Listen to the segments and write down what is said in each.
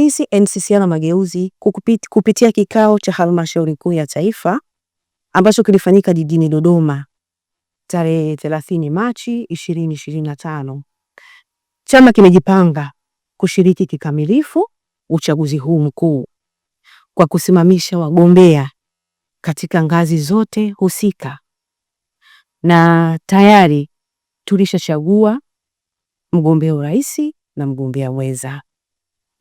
Sisi NCCR Mageuzi kukupit, kupitia kikao cha halmashauri kuu ya taifa ambacho kilifanyika jijini Dodoma tarehe 30 Machi 2025, chama kimejipanga kushiriki kikamilifu uchaguzi huu mkuu kwa kusimamisha wagombea katika ngazi zote husika, na tayari tulishachagua mgombea urais na mgombea mwenza.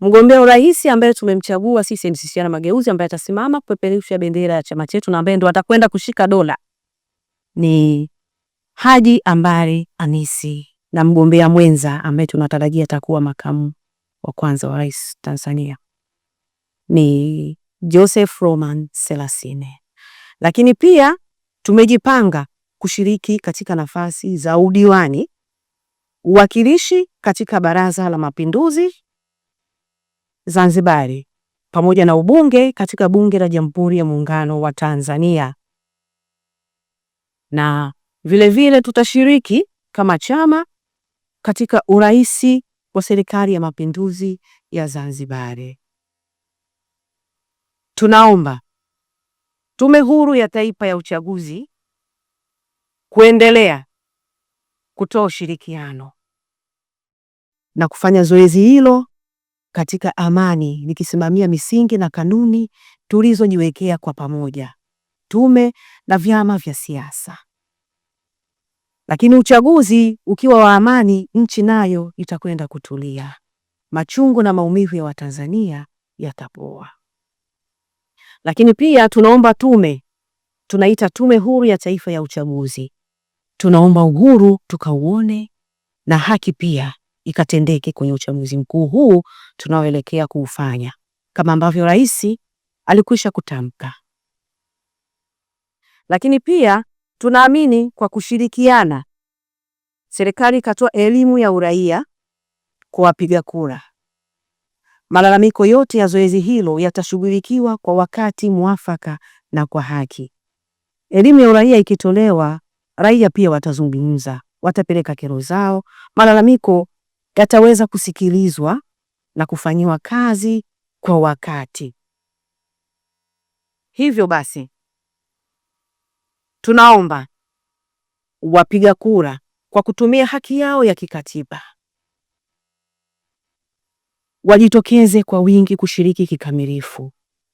Mgombea urais ambaye tumemchagua sisi NCCR na Mageuzi, ambaye atasimama kupeperusha bendera ya chama chetu na ambaye ndo atakwenda kushika dola ni Haji Ambari Anisi na mgombea mwenza ambaye tunatarajia atakuwa makamu wa kwanza wa rais Tanzania ni Joseph Roman Selasine. Lakini pia tumejipanga kushiriki katika nafasi za udiwani, uwakilishi katika Baraza la Mapinduzi Zanzibari pamoja na ubunge katika Bunge la Jamhuri ya Muungano wa Tanzania, na vile vile tutashiriki kama chama katika uraisi wa Serikali ya Mapinduzi ya Zanzibari. Tunaomba Tume Huru ya Taifa ya Uchaguzi kuendelea kutoa ushirikiano na kufanya zoezi hilo katika amani, nikisimamia misingi na kanuni tulizojiwekea kwa pamoja, tume na vyama vya siasa. Lakini uchaguzi ukiwa wa amani, nchi nayo itakwenda kutulia, machungu na maumivu ya Watanzania yatapoa. Lakini pia tunaomba tume, tunaita Tume Huru ya Taifa ya Uchaguzi, tunaomba uhuru tukauone na haki pia ikatendeke kwenye uchaguzi mkuu huu tunaoelekea kuufanya, kama ambavyo rais alikwisha kutamka. Lakini pia tunaamini kwa kushirikiana, serikali ikatoa elimu ya uraia kwa wapiga kura. Malalamiko yote ya zoezi hilo yatashughulikiwa kwa wakati mwafaka na kwa haki. Elimu ya uraia ikitolewa, raia pia watazungumza, watapeleka kero zao, malalamiko yataweza kusikilizwa na kufanyiwa kazi kwa wakati. Hivyo basi, tunaomba wapiga kura kwa kutumia haki yao ya kikatiba wajitokeze kwa wingi kushiriki kikamilifu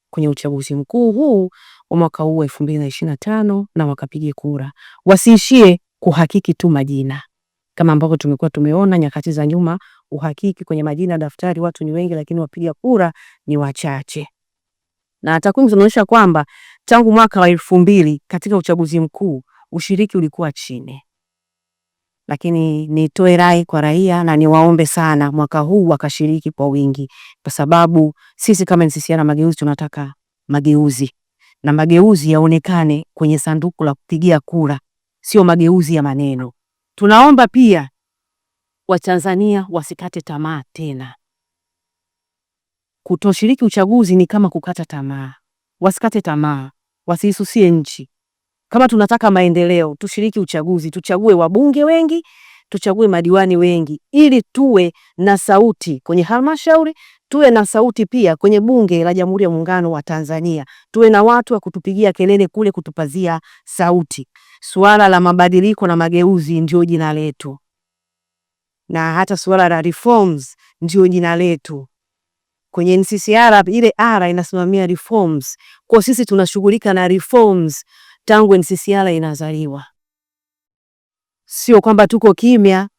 kwenye uchaguzi mkuu huu wa mwaka huu 2025 na wakapige kura, wasiishie kuhakiki tu majina kama ambavyo tumekuwa tumeona nyakati za nyuma, uhakiki kwenye majina daftari watu ni wengi, lakini wapiga kura ni wachache. Na takwimu zinaonyesha kwamba tangu mwaka wa elfu mbili katika uchaguzi mkuu ushiriki ulikuwa chini, lakini nitoe rai kwa raia na niwaombe sana mwaka huu wakashiriki kwa wingi, kwa sababu sisi kama NCCR Mageuzi tunataka mageuzi na mageuzi yaonekane kwenye sanduku la kupigia kura, sio mageuzi ya maneno. Tunaomba pia Watanzania wasikate tamaa tena. Kutoshiriki uchaguzi ni kama kukata tamaa. Wasikate tamaa, wasiisusie nchi. Kama tunataka maendeleo, tushiriki uchaguzi, tuchague wabunge wengi, tuchague madiwani wengi, ili tuwe na sauti kwenye halmashauri, tuwe na sauti pia kwenye bunge la Jamhuri ya Muungano wa Tanzania, tuwe na watu wa kutupigia kelele kule, kutupazia sauti suala la mabadiliko na mageuzi ndio jina letu, na hata suala la reforms ndio jina letu kwenye NCCR. Ile R inasimamia reforms, kwa sisi tunashughulika na reforms tangu NCCR inazaliwa. Sio kwamba tuko kimya,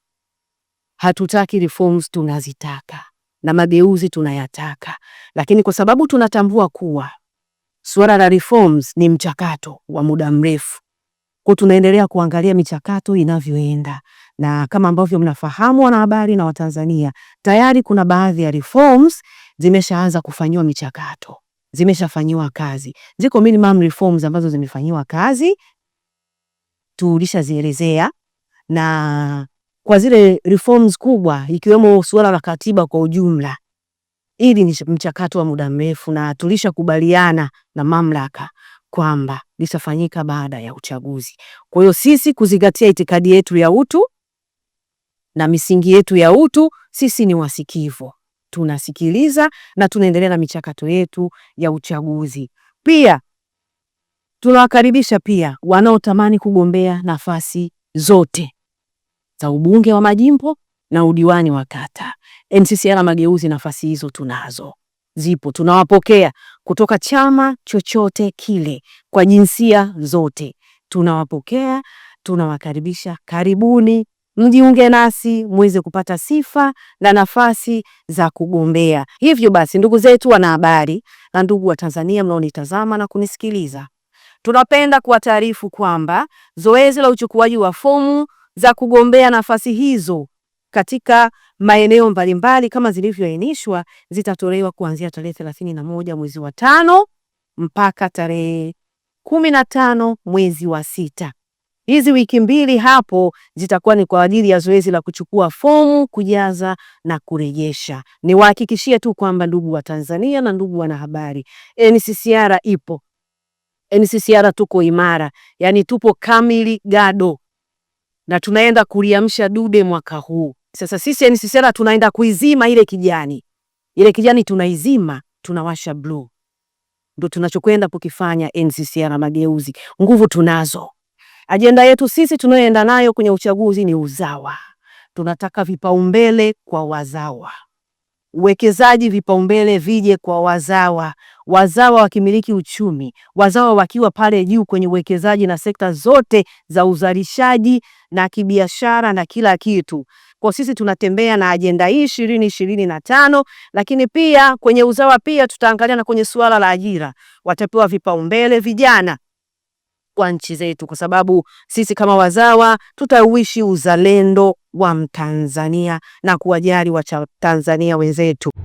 hatutaki reforms, tunazitaka na mageuzi tunayataka, lakini kwa sababu tunatambua kuwa suala la reforms ni mchakato wa muda mrefu kwa tunaendelea kuangalia michakato inavyoenda na kama ambavyo mnafahamu wanahabari na Watanzania, tayari kuna baadhi ya reforms zimeshaanza kufanyiwa michakato, zimeshafanyiwa kazi. Ziko minimum reforms ambazo zimefanyiwa kazi, tulishazielezea na kwa zile reforms kubwa, ikiwemo suala la katiba kwa ujumla, ili ni mchakato wa muda mrefu, na tulishakubaliana na mamlaka kwamba litafanyika baada ya uchaguzi. Kwa hiyo sisi kuzingatia itikadi yetu ya utu na misingi yetu ya utu, sisi ni wasikivu, tunasikiliza na tunaendelea na michakato yetu ya uchaguzi. Pia tunawakaribisha pia wanaotamani kugombea nafasi zote za ubunge wa majimbo na udiwani wa kata. NCCR Mageuzi, nafasi hizo tunazo, zipo, tunawapokea kutoka chama chochote kile kwa jinsia zote. Tunawapokea, tunawakaribisha. Karibuni mjiunge nasi mweze kupata sifa na nafasi za kugombea. Hivyo basi, ndugu zetu wanahabari na ndugu wa Tanzania mnaonitazama na kunisikiliza, tunapenda kuwataarifu kwamba zoezi la uchukuaji wa fomu za kugombea nafasi hizo katika maeneo mbalimbali kama zilivyoainishwa zitatolewa kuanzia tarehe thelathini na moja mwezi wa tano mpaka tarehe kumi na tano mwezi wa sita. Hizi wiki mbili hapo zitakuwa ni kwa ajili ya zoezi la kuchukua fomu, kujaza na kurejesha. Niwahakikishie tu kwamba ndugu wa Tanzania na ndugu wanahabari, NCCR ipo. NCCR tuko imara, yani tupo kamili gado, na tunaenda kuliamsha dude mwaka huu. Sasa sisi NCCR tunaenda kuizima ile kijani, ile kijani tunaizima, tunawasha bluu. Ndo tunachokwenda kukifanya NCCR Mageuzi. Nguvu tunazo, ajenda yetu sisi tunayoenda nayo kwenye uchaguzi ni uzawa. Tunataka vipaumbele kwa wazawa, uwekezaji vipaumbele vije kwa wazawa, wazawa wakimiliki uchumi, wazawa wakiwa pale juu kwenye uwekezaji na sekta zote za uzalishaji na kibiashara na kila kitu. Kwa sisi tunatembea na ajenda hii ishirini ishirini na tano, lakini pia kwenye uzawa pia tutaangalia na kwenye suala la ajira, watapewa vipaumbele vijana kwa nchi zetu, kwa sababu sisi kama wazawa tutauishi uzalendo wa Mtanzania na kuwajali Tanzania wenzetu.